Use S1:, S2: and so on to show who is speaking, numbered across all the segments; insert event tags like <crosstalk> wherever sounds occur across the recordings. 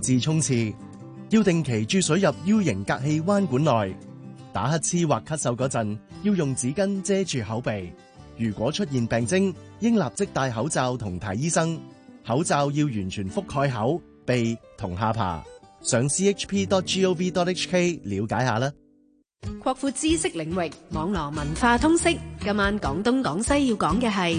S1: 自衝刺要定期注水入 U 型隔氣彎管內，打乞嗤或咳嗽嗰陣要用紙巾遮住口鼻。如果出現病徵，應立即戴口罩同睇醫生。口罩要完全覆蓋口、鼻同下巴。上 chp.gov.hk 了解下啦。
S2: 擴闊
S3: 知識領域，網絡文化通識。今晚講東講西要講嘅係。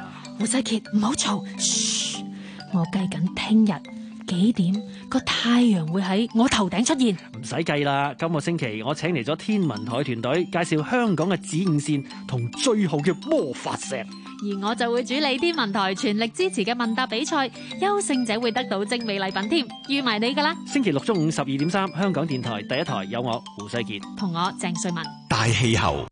S3: 胡世杰，唔好嘈，噓，我計緊聽日幾點個太陽會喺我頭頂出現。唔
S1: 使計啦，今個星期我請嚟咗天文台團隊介紹香港嘅子午線同最後嘅魔法石，
S3: 而我就會主理天文台全力支持嘅問答比賽，優勝者會得到精美禮品添，預埋你噶啦。
S1: 星期六中午十二點三，香港電台第一台有我胡世杰
S3: 同我鄭瑞文
S1: 大氣候。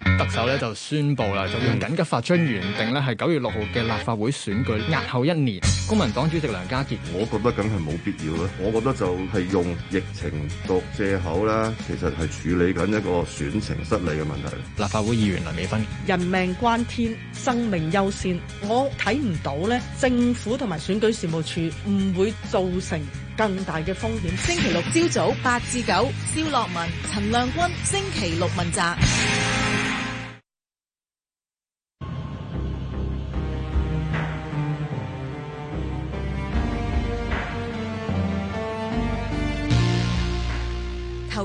S1: 特首咧就宣布啦，就用緊急法將原定咧係九月六號嘅立法會選舉押後一年。公民黨主席梁家傑，我覺得梗係冇必要啦。
S3: 我覺得就係用疫情作借口啦，其實係處理緊一個選
S1: 情失利嘅問題。立法會議員梁美芬，
S3: 人命關天，生命優先，我睇唔到咧政府同埋選舉事務處唔會造成更大嘅風險。星期六朝早八至九，蕭樂文、陳亮君，星期六問責。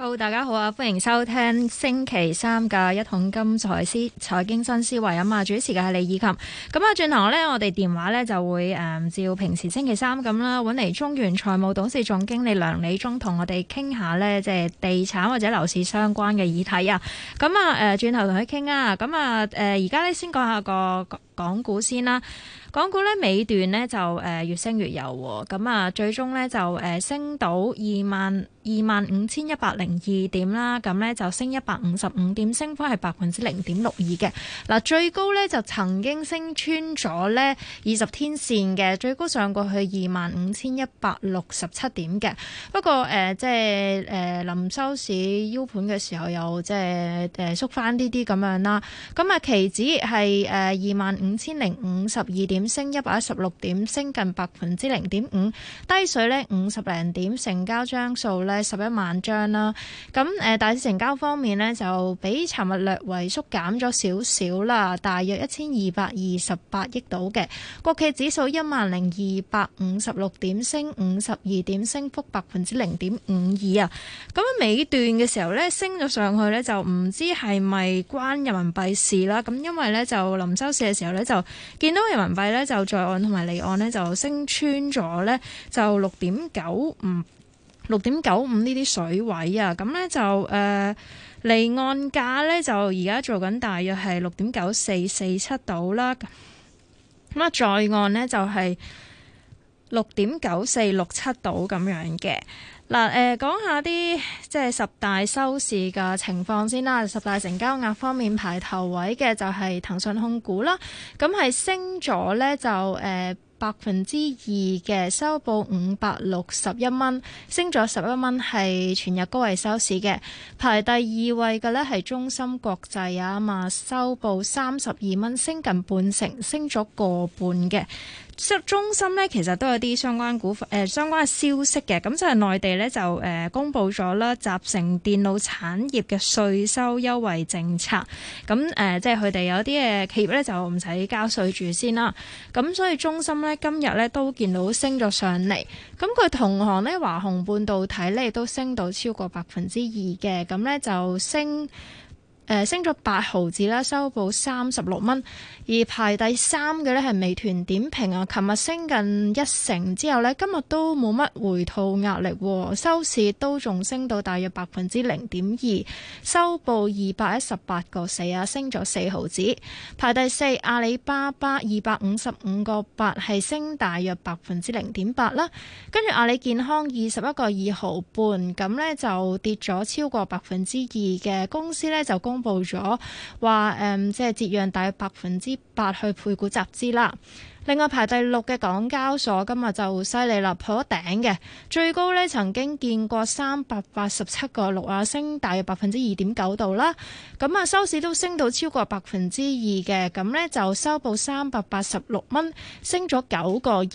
S2: Hello 大家好啊！歡迎收聽星期三嘅一桶金財思財經新思維啊！嘛，主持嘅係李以琴。咁啊，轉頭咧，我哋電話咧就會誒，照平時星期三咁啦，搵嚟中原財務董事總經理梁理中同我哋傾下咧，即係地產或者樓市相關嘅議題啊！咁啊，誒，轉頭同佢傾啊！咁啊，誒，而家咧先講下個港股先啦。港股咧，尾段咧，就誒越升越有，咁啊，最終咧，就誒升到二萬二萬五千一百零二點啦，咁咧，就升一百五十五點，升幅係百分之零點六二嘅。嗱，最高咧，就曾經升穿咗咧二十天綫嘅，最高上過去二萬五千一百六十七點嘅。不過誒即係誒臨收市 U 盤嘅時候又即係誒縮翻啲啲咁樣啦。咁啊期指係誒二萬五千零五十二點。升一百一十六點，升近百分之零點五。低水呢，五十零點，成交張數呢，十一萬張啦。咁誒，大市成交方面呢，就比尋日略為縮減咗少少啦，大約一千二百二十八億到嘅。國企指數一萬零二百五十六點，升五十二點，升幅百分之零點五二啊。咁喺尾段嘅時候呢，升咗上去呢，就唔知係咪關人民幣事啦。咁因為呢，就臨收市嘅時候呢，就見到人民幣。咧就在岸同埋離岸咧就升穿咗咧就六點九五六點九五呢啲水位啊，咁咧就誒離、呃、岸價咧就而家做緊大約係六點九四四七度啦，咁啊在岸咧就係、是。六點九四六七度咁樣嘅。嗱，誒、呃、講一下啲即係十大收市嘅情況先啦。十大成交額方面排頭位嘅就係騰訊控股啦，咁係升咗呢，就百分之二嘅收報五百六十一蚊，升咗十一蚊，係全日高位收市嘅。排第二位嘅呢，係中芯國際啊嘛，收報三十二蚊，升近半成，升咗個半嘅。中心咧，其實都有啲相關股份誒，相關消息嘅。咁就係內地咧，就誒公佈咗啦，集成電腦產業嘅稅收優惠政策。咁誒，即係佢哋有啲嘅企業咧，就唔使交稅住先啦。咁所以中心咧，今日咧都見到升咗上嚟。咁佢同行咧，華虹半導體咧亦都升到超過百分之二嘅。咁咧就升。升咗八毫子啦，收報三十六蚊。而排第三嘅呢係美團點評啊，琴日升近一成之後呢，今日都冇乜回吐壓力，收市都仲升到大約百分之零點二，收報二百一十八個四啊，升咗四毫子。排第四，阿里巴巴二百五十五個八係升大約百分之零點八啦。跟住阿里健康二十一個二毫半，咁呢，就跌咗超過百分之二嘅公司呢，就公。公咗話，誒、嗯，即係折讓大約百分之八去配股集資啦。另外排第六嘅港交所今日就犀利啦，破頂嘅最高呢曾經見過三百八十七個六啊，升大約百分之二點九度啦。咁啊，收市都升到超過百分之二嘅，咁呢就收報三百八十六蚊，升咗九個二。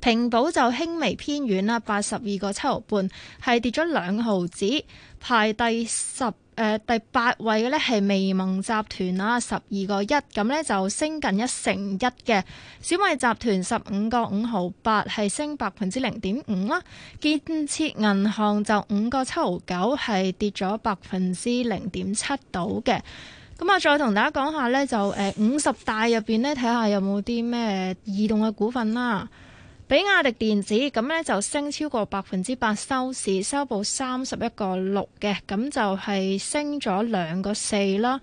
S2: 平保就輕微偏遠啦，八十二個七毫半係跌咗兩毫子，排第十。呃、第八位嘅呢係微盟集團啦，十二個一，咁呢就升近一成一嘅。小米集團十五個五毫八係升百分之零點五啦。建設銀行就五個七毫九係跌咗百分之零點七到嘅。咁、呃、啊，再同大家講下呢，就誒五十大入邊呢，睇下有冇啲咩異動嘅股份啦。比亞迪電子咁呢，就升超過百分之八，收市收報三十一個六嘅，咁就係升咗兩個四啦。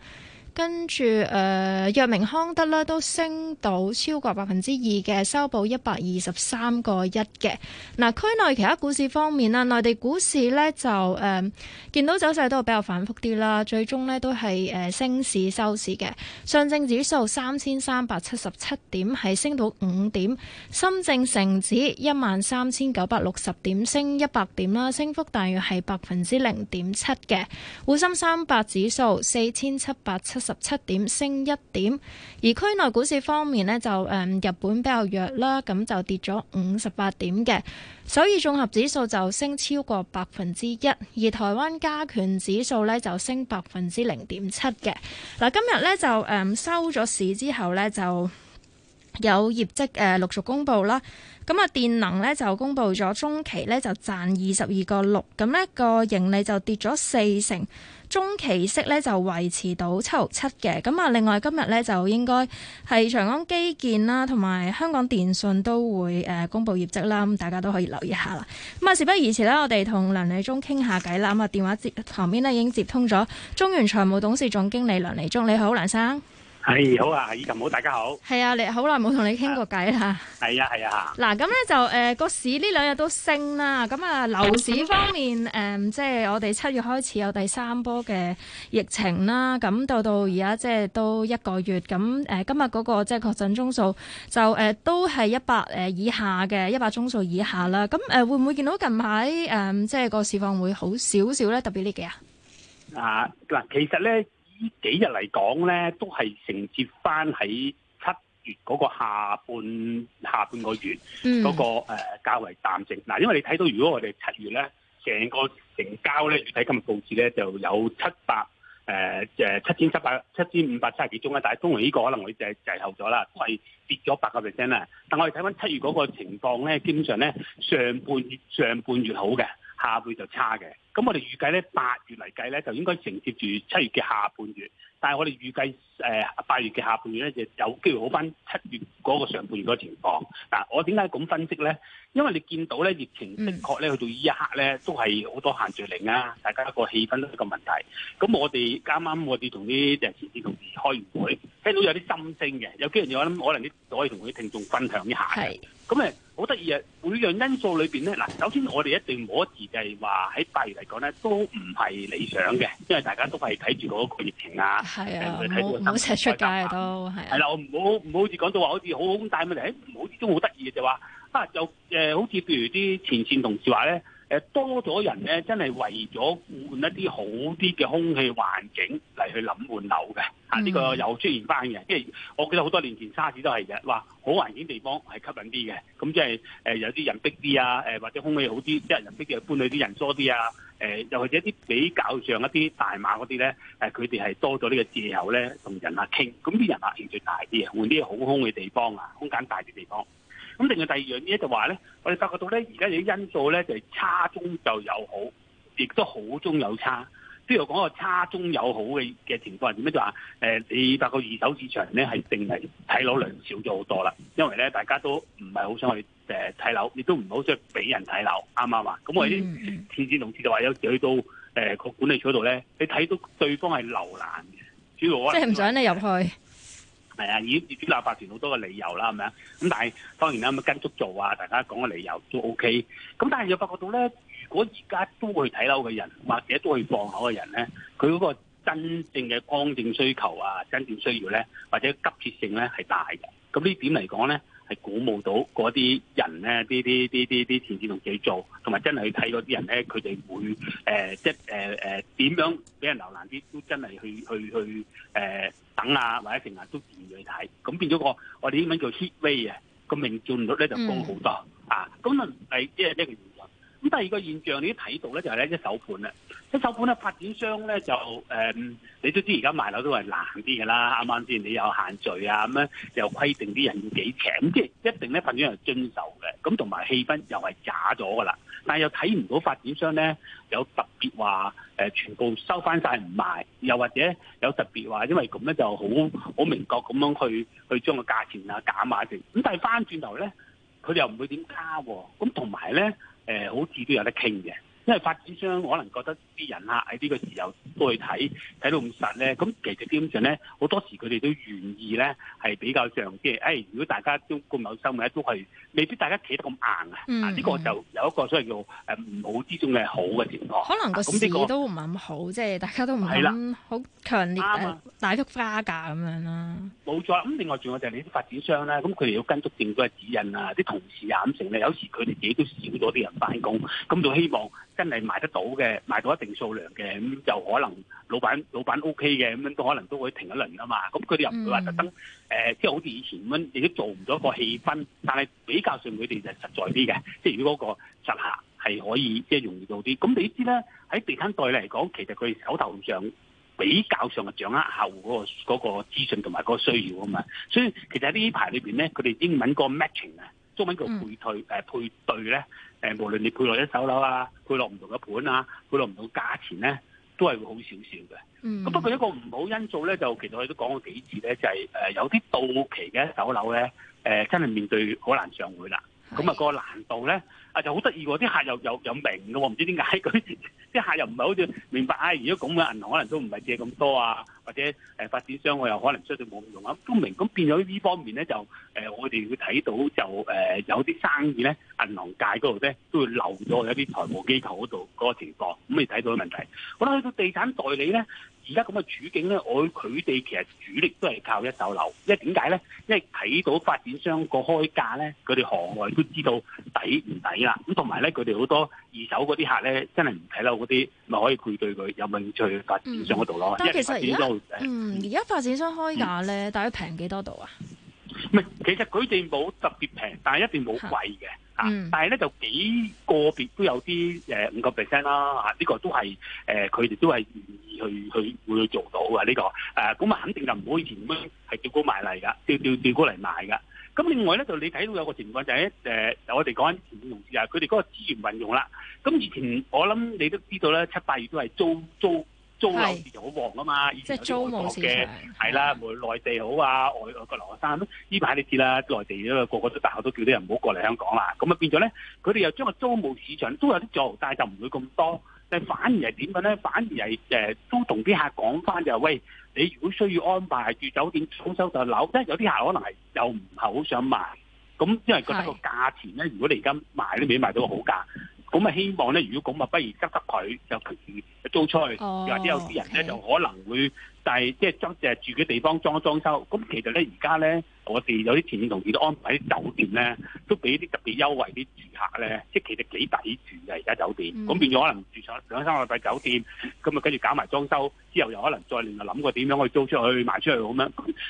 S2: 跟住誒、呃，藥明康德咧都升到超過百分之二嘅，收報一百二十三個一嘅。嗱、呃，區內其他股市方面啦，內地股市咧就誒、呃、見到走勢都比較反覆啲啦，最終咧都係誒、呃、升市收市嘅。上證指數三千三百七十七點係升到五點，深證成指一萬三千九百六十點升一百點啦，升幅大約係百分之零點七嘅。滬深三百指數四千七百七。十七點升一點，而區內股市方面呢就誒、嗯、日本比較弱啦，咁就跌咗五十八點嘅。首爾綜合指數就升超過百分之一，而台灣加權指數呢就升百分之零點七嘅。嗱，今日呢，就誒、嗯、收咗市之後呢，就。有業績誒、呃、陸續公布啦，咁啊電能呢就公布咗中期呢就賺二十二個六，咁呢個盈利就跌咗四成，中期息呢就維持到七六七嘅，咁啊另外今日呢，就應該係長江基建啦同埋香港電訊都會公布業績啦，咁大家都可以留意下啦。咁啊事不宜遲聊聊啦，我哋同梁理中傾下偈啦，咁啊電話接旁邊呢已經接通咗，中原財務董事總經理梁理中，你好梁生。
S1: 係、哎、好啊，以前好，大家好。
S2: 係啊，好啊你好耐冇同你傾過偈、啊啊啊、啦。
S1: 係、呃、啊，係啊。
S2: 嗱，咁咧就誒，個市呢兩日都升啦。咁啊，樓市方面，誒、 <laughs> 呃，即、就、係、是、我哋七月開始有第三波嘅疫情啦。咁到到而家即係都一個月。咁誒、啊，今日嗰個即係確診宗數就誒、呃、都係一百誒以下嘅一百宗數以下啦。咁誒、啊、會唔會見到近排誒即係個市況會好少少咧？特別呢幾日啊？
S1: 啊嗱，其實咧。呢幾日嚟講咧，都係承接翻喺七月嗰個下半下半個月嗰、那個誒較、mm. 呃、為淡靜。嗱，因為你睇到如果我哋七月咧，成個成交咧，睇今日報紙咧就有七百誒誒七千七百七千五百七十幾宗啦。但係通常呢個可能我哋就係滯後咗啦，都、就、係、是、跌咗八個 percent 啦。但我哋睇翻七月嗰個情況咧，基本上咧上半月上半月好嘅。下半就差嘅，咁我哋預計咧八月嚟計咧，就應該承接住七月嘅下半月，但係我哋預計誒八、呃、月嘅下半月咧就有機會好翻七月嗰個上半月嗰個情況。嗱，我點解咁分析咧？因為你見到咧疫情的確咧，去到呢一刻咧，都係好多限聚令啊，大家一個氣氛都係個問題。咁我哋啱啱我哋同啲誒同事同事開完會，聽到有啲心聲嘅，有機會我諗可能都可以同啲聽眾分享一下嘅。咁誒好得意啊！每樣因素裏面咧，嗱，首先我哋一定唔得自，就係話喺第二嚟講咧，都唔係理想嘅，因為大家都係睇住嗰個疫情啊，誒，睇住個新發病。我啊，
S2: 出街都
S1: 係。係啦、啊啊，我唔好唔好，好似講到話好似好大問題。唔好似都好得意嘅就話，啊，就、呃、好似譬如啲前線同事話咧。多咗人咧，真係為咗換一啲好啲嘅空氣環境嚟去諗換樓嘅，呢、嗯啊呢個又出現翻嘅，即係我記得好多年前沙士都係嘅，話好環境地方係吸引啲嘅，咁即係有啲人逼啲啊，或者空氣好啲，即係人逼嘅搬去啲人多啲啊，又或者啲比較上一啲大碼嗰啲咧，佢哋係多咗呢個藉口咧同人啊傾，咁啲人啊興趣大啲啊，換啲好空嘅地方啊，空間大啲地方。咁另外第二樣嘢就話咧，我哋發覺到咧，而家有啲因素咧，就係差中就有好，亦都好中有差。譬如講個差中有好嘅嘅情況係點咧就話，你發覺二手市場咧係淨係睇樓量少咗好多啦，因為咧大家都唔係好想去睇樓，亦都唔好想俾人睇樓，啱唔啱啊？咁我哋啲前線同事就話，有時去到個管理處嗰度咧，你睇到對方係留難嘅，主要即係
S2: 唔想你入去。
S1: 係啊，以業主立法團好多嘅理由啦，係咪啊？咁但係當然啦，咁跟足做啊，大家講嘅理由都 OK。咁但係又發覺到咧，如果而家都去睇樓嘅人，或者都去放樓嘅人咧，佢嗰個真正嘅剛性需求啊、真正需要咧，或者急切性咧係大嘅。咁呢點嚟講咧？係鼓舞到嗰啲人咧，啲啲啲啲啲電視同自己做，同埋真係去睇嗰啲人咧，佢哋會誒，即係誒誒點樣俾人瀏覽啲，都真係去去去誒等啊，或者成日都願意去睇，咁變咗個我哋英文叫 hit rate 啊，個命中率咧就高好多啊，咁啊係即係呢個。咁第二個現象你都睇到咧，就係咧一手盤啦，一手盤咧發展商咧就誒，你都知而家賣樓都係難啲嘅啦。啱啱先你有限聚啊，咁樣又規定啲人要幾尺，即係一定咧發展商遵守嘅。咁同埋氣氛又係假咗嘅啦。但係又睇唔到發展商咧有特別話誒，全部收翻晒唔賣，又或者有特別話，因為咁咧就好好明確咁樣去去將個價錢啊減埋啲。咁但係翻轉頭咧，佢又唔會點加喎。咁同埋咧。誒，好似、呃、都有得傾嘅。因為發展商，可能覺得啲人客喺呢個時候都去睇睇到咁實咧，咁其實基本上咧，好多時佢哋都願意咧，係比較上即係，誒、哎，如果大家都咁有心嘅，都係未必大家企得咁硬、嗯、啊。嗯。呢個就有一個所謂叫誒唔好之中嘅好嘅情況。可能個市、啊這個、都
S2: 唔係咁好，即係大家都唔係咁好強烈大幅對加價咁樣啦、
S1: 啊。冇錯。咁另外仲有就係你啲發展商咧，咁佢哋要跟足政府嘅指引啊，啲同事啊，咁成咧，有時佢哋自己都少咗啲人翻工，咁就希望。真係賣得到嘅，賣到一定數量嘅，咁就可能老闆老闆 OK 嘅，咁樣都可能都會停一輪啊嘛。咁佢哋又唔會話特登，誒即係好似以前咁，亦都做唔到一個氣氛。但係比較上佢哋就實在啲嘅，即係如果嗰個實客係可以，即係容易到啲。咁你知咧，喺地產代理嚟講，其實佢手頭上比較上嘅掌握客戶嗰個嗰個資訊同埋嗰個需要啊嘛。所以其實在裡面呢排裏邊咧，佢哋英文個 matching 啊。當揾個配退誒配對咧，誒、呃、無論你配落一手樓啊，配落唔同嘅盤啊，配落唔同嘅價錢咧，都係會好少少嘅。咁、嗯、不過一個唔好因素咧，就其實我哋都講過幾次咧，就係、是、誒有啲到期嘅一手樓咧，誒、呃、真係面對好難上會啦。咁啊個難度咧。啊就好得意喎！啲客又又有明嘅喎，唔知點解佢啲客又唔係好似明白啊？如果咁嘅銀行可能都唔係借咁多啊，或者誒發展商我又可能相信冇用啊，都明咁變咗呢方面咧就、呃、我哋會睇到就、呃、有啲生意咧，銀行界嗰度咧都會漏咗一啲財務機構嗰度嗰個情況，咁你睇到嘅問題。好啦，去到地產代理咧，而家咁嘅處境咧，我佢哋其實主力都係靠一手樓，因為點解咧？因為睇到發展商個開價咧，佢哋行外都知道抵唔抵。啦，咁同埋咧，佢哋好多二手嗰啲客咧，真係唔睇樓嗰啲，咪可以配對佢有興趣發展商嗰度咯。即係、嗯、其實而家，嗯，而
S2: 家發展商開價咧，嗯、大約平幾多度啊？唔
S1: 係，其實佢哋冇特別平，但係一定冇貴嘅嚇。但係咧就幾個，個別都有啲誒五個 percent 啦嚇。呢、啊這個都係誒佢哋都係願意去去會做到嘅呢、這個誒。咁啊，肯定就唔好以前咁樣係調高賣嚟噶，調調調高嚟賣噶。咁另外咧就你睇到有個情況就係、是，誒、呃、我哋講緊前面同事啊，佢哋嗰個資源運用啦。咁以前我諗你都知道咧，七八月都係租租租樓市就好旺啊嘛，是以前租務嘅係啦，無論的的內地好啊，外外國留學生都呢排你知啦，內地啊個個都大學都叫啲人唔好過嚟香港啦。咁啊變咗咧，佢哋又將個租務市場都有啲做，但係就唔會咁多。但反而係點嘅咧？反而係誒、呃、都同啲客講翻就係、是、喂，你如果需要安排住酒店好收到樓，即係有啲客可能係又唔係好想賣，咁因為覺得個價錢咧，如果你而家賣都未賣到個好價，咁咪的希望咧，如果咁咪不如執執佢，就租出去，oh, okay. 或者有啲人咧就可能會。但係即係住嘅地方裝裝修，咁其實咧而家咧，我哋有啲前線同事都安排酒店咧，都俾啲特別優惠啲住客咧，即係其實幾抵、嗯、住嘅而家酒店。咁變咗可能住咗兩三個禮拜酒店，咁啊跟住搞埋裝修，之後又可能再另外諗過點樣可以租出去賣出去咁樣，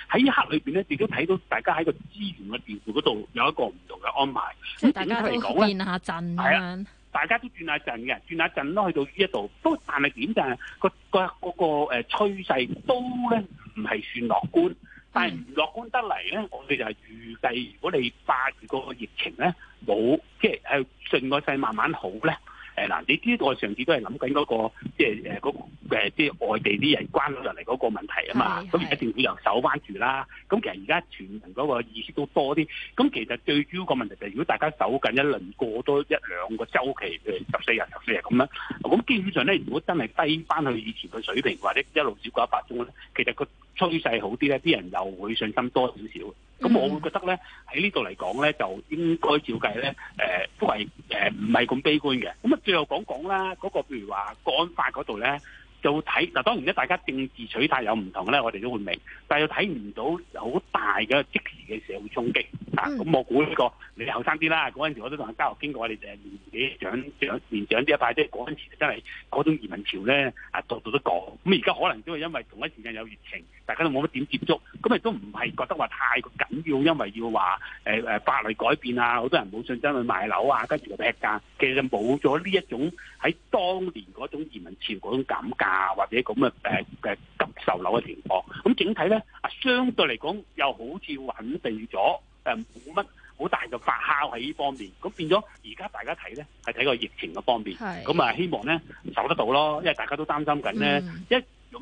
S1: 喺一刻裏面咧，亦都睇到大家喺個資源嘅調配嗰度有一個唔同嘅安排。即係大家都變
S2: 下陣係啊，
S1: 大家都轉下陣嘅，轉下陣咯，去到呢一度。不過但係點？但係、那個、那個嗰個誒趨勢。都咧唔係算樂觀，但係唔樂觀得嚟咧，我哋就係預計，如果你把住個疫情咧，冇即係係順個勢慢慢好咧。係啦，你知道我上次都係諗緊嗰個即係誒、嗰個、即係外地啲人關入嚟嗰個問題啊嘛，咁而家一定會由手返住啦。咁其實而家全民嗰個意識都多啲，咁其實最主要個問題就係如果大家守緊一輪過多一兩個週期嘅十四日、十四日咁樣，咁基本上咧，如果真係低翻去以前嘅水平或者一路少過一百宗咧，其實個趨勢好啲咧，啲人又會信心多少少。咁、嗯、我會覺得咧，喺呢度嚟講咧，就應該照計咧，誒、呃、都係誒唔係咁悲觀嘅。咁啊，最後講講啦，嗰個譬如話《國安法》嗰度咧。就睇嗱，當然咧，大家政治取態有唔同咧，我哋都會明，但係又睇唔到好大嘅即時嘅社會衝擊咁、嗯、我估呢個你後生啲啦，嗰陣時我都同你交流經過，我哋係年紀長長年長啲一派即係嗰陣時真係嗰種移民潮咧，啊，度度都講。咁而家可能都係因為同一時間有疫情，大家都冇乜點接觸，咁亦都唔係覺得話太緊要，因為要話、欸、法律改變啊，好多人冇信心去買樓啊，跟住劈價，其實冇咗呢一種喺當年嗰種移民潮嗰種感覺。啊，或者咁嘅誒誒急售樓嘅情況，咁整體咧啊，相對嚟講又好似穩定咗，誒冇乜好大嘅發酵喺呢方面，咁變咗而家大家睇咧，係睇個疫情嘅方面，咁啊希望咧受得到咯，因為大家都擔心緊咧，一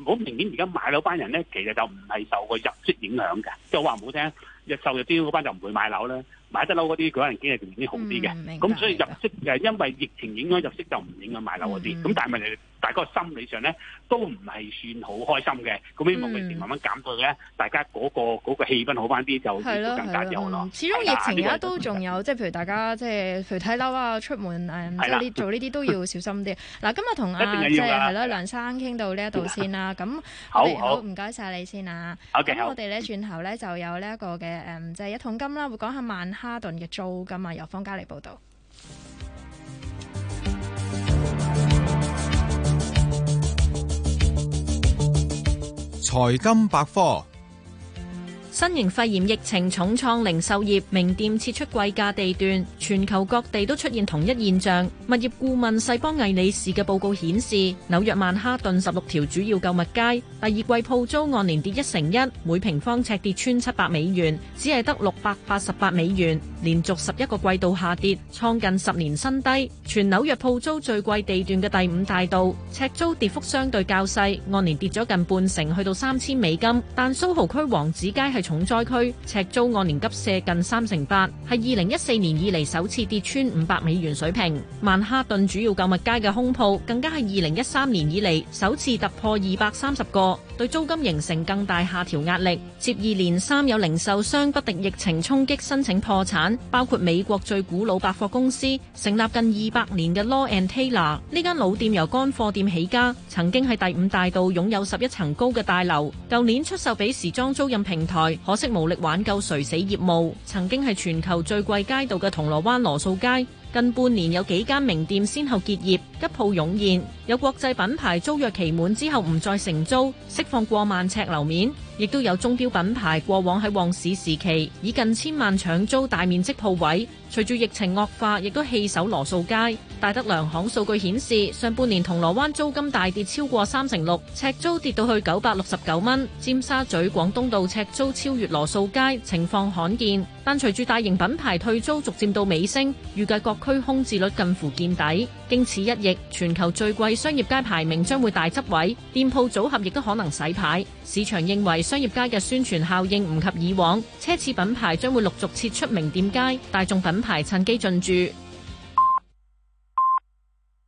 S1: 好明顯而家買樓班人咧，其實就唔係受個入息影響嘅，即係話唔好聽，入收入少嗰班就唔會買樓啦，買得樓嗰啲佢可能經濟條件已經好啲嘅，咁所以入息誒，因為疫情影響入息就唔影響買樓嗰啲，咁但係問題。大家個心理上咧都唔係算好開心嘅，咁希望佢慢慢減退咧，大家嗰個嗰個氣氛好翻啲，就更加好咯。始終疫情而家都
S2: 仲有，即係譬如大家即係譬如睇樓啊、出門誒，即係啲做呢啲都要小心啲。嗱，今日同阿即係係咯梁生傾到呢一度先啦。咁好好，唔該晒你先啊。咁我哋咧轉頭咧就有呢一個嘅誒，即係一桶金啦，會講下曼哈頓嘅租金啊，由方嘉莉報道。
S1: 財金百科：
S3: 新型肺炎疫情重創零售業，名店撤出貴價地段。全球各地都出現同一現象，物業顧問世邦魏理仕嘅報告顯示，紐約曼哈頓十六條主要購物街第二季鋪租按年跌一成一，每平方尺跌穿七百美元，只係得六百八十八美元，連續十一個季度下跌，創近十年新低。全紐約鋪租最貴地段嘅第五大道，尺租跌幅相對較細，按年跌咗近半成，去到三千美金。但蘇豪區王子街係重災區，尺租按年急瀉近三成八，係二零一四年以嚟首首次跌穿五百美元水平，曼哈頓主要購物街嘅空鋪更加係二零一三年以嚟，首次突破二百三十個，對租金形成更大下調壓力。接二連三有零售商不敵疫情衝擊申請破產，包括美國最古老百貨公司、成立近二百年嘅 Lord and Taylor。呢間老店由乾貨店起家，曾經喺第五大道擁有十一層高嘅大樓，舊年出售俾時裝租賃平台，可惜無力挽救垂死業務。曾經係全球最貴街道嘅銅鑼灣。羅素街近半年有幾間名店先後結業。吉鋪湧現，有國際品牌租約期滿之後唔再承租，釋放過萬呎樓面，亦都有鐘錶品牌過往喺旺市時期以近千萬搶租大面積鋪位，隨住疫情惡化，亦都棄守羅素街。戴德梁行數據顯示，上半年銅鑼灣租金大跌超過三成六，呎租跌到去九百六十九蚊。尖沙咀廣東道呎租超越羅素街，情況罕見。但隨住大型品牌退租，逐漸到尾聲，預計各區空置率近乎見底。經此一役，全球最貴商業街排名將會大執位，店鋪組合亦都可能洗牌。市場認為商業街嘅宣傳效應唔及以往，奢侈品牌將會陸續撤出名店街，大眾品牌趁機進駐。